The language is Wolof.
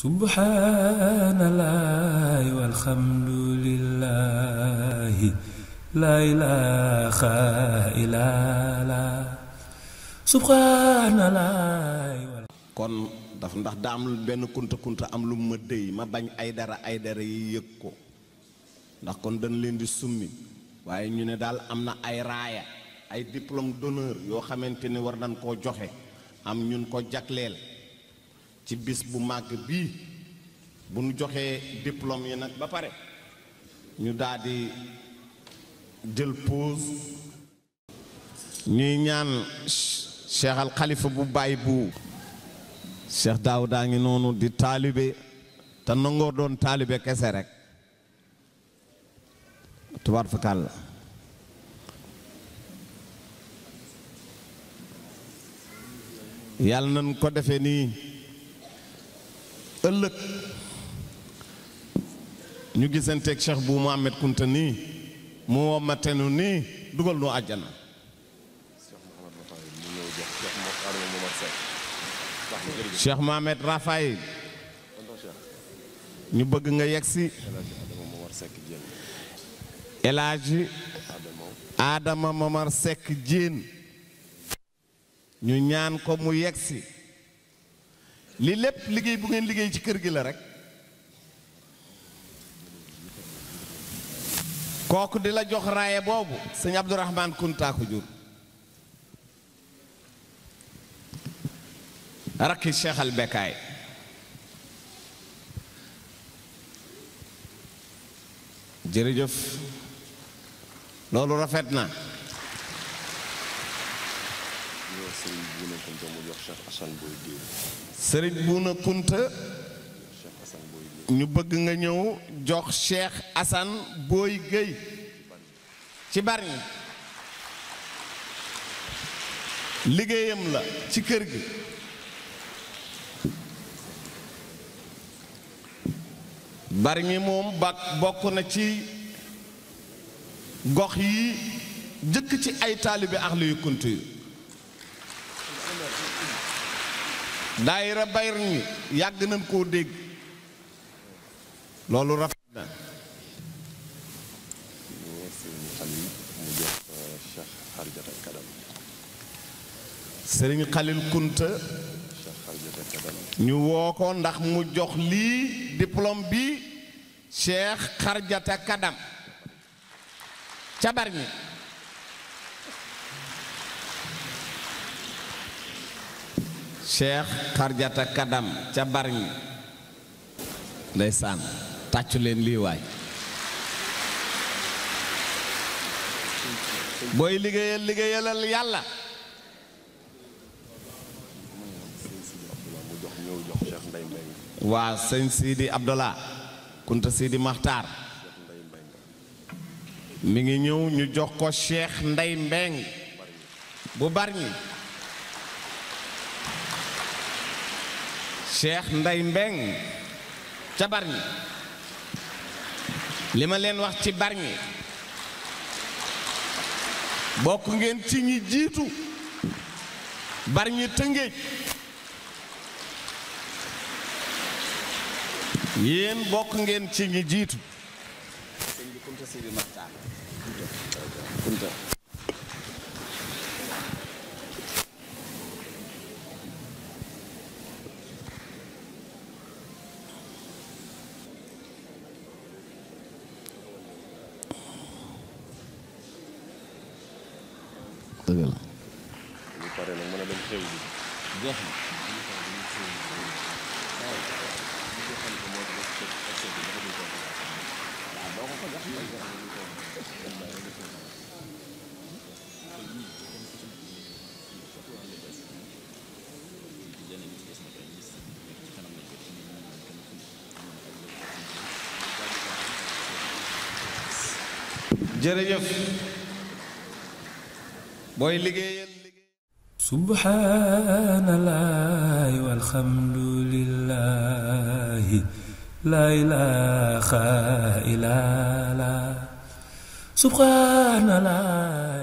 subhanallah walhamdulillah la ilaha illallah subhanallah kon daf ndax daa am benn kunta kunta am lu ma dëy ma bañ ay dara ay dara yi yëg ko ndax kon dañ leen di summi waaye ñu ne daal am na ay raaya ay diplôme d'honneur yoo xamante ne war nañ koo joxe am ñun koo jagleel ci bis bu màgg bii bu nu joxee diplôme yi nag ba pare ñu daldi jël pause ñuy ñaan cheikh xalifa bu baay bu cheikh daawudaa ngi noonu di taalibe te nangoo doon taalibe kese rek tubaar fakal la yàlla nañ ko defee nii ëllëg ñu gisanteeg Cheikh bu Mohamed Kunta nii mu wommate nu nii dugal nu àjjana Cheikh Mohamed Rafaay ñu bëgg nga yegsi El Hadji Adama Momar Seck Diène ñu ñaan ko mu yegsi li lépp liggéey bu ngeen liggéey ci kër gi la rek kooku di la jox raaye boobu sëñ Abdourahman Kunta ko jur rakki Cheikh al Bekaay jërëjëf loolu rafet na sëriñ Buuna Kunta ñu bëgg nga ñëw jox Cheikh Assane booy géey ci bari ñi liggéeyam la ci kër gi. bari ñi moom bokk na ci gox yi jëkk ci ay taalibe Ahlu Kunta yi daayira Bayern mi yàgg nañ koo dégg loolu rafet na sëriñ Xalil Kunta ñu woo ko ndax mu jox lii diplôme bi Cheikh Xarjata Kadam ca Bargny cheikh Karjata kadam ca barñi ndaysan taccu len li way boy liggéeyal liggéeyalal yalla wa sëñ sidi abdallah kunta sidi makhtar mi ngi ñew ñu jox ko cheikh ndey mbeng bu barñi Cheikh Ndey Mbeng ca Bargny li ma leen wax ci Bargny bokk ngeen ci ñi jiitu barñi Tëngéej yéen bokk ngeen ci ñi jiitu dëgg la. jërëjëf سبحان الله والحمد لله لا إله إلا الله سبحان الله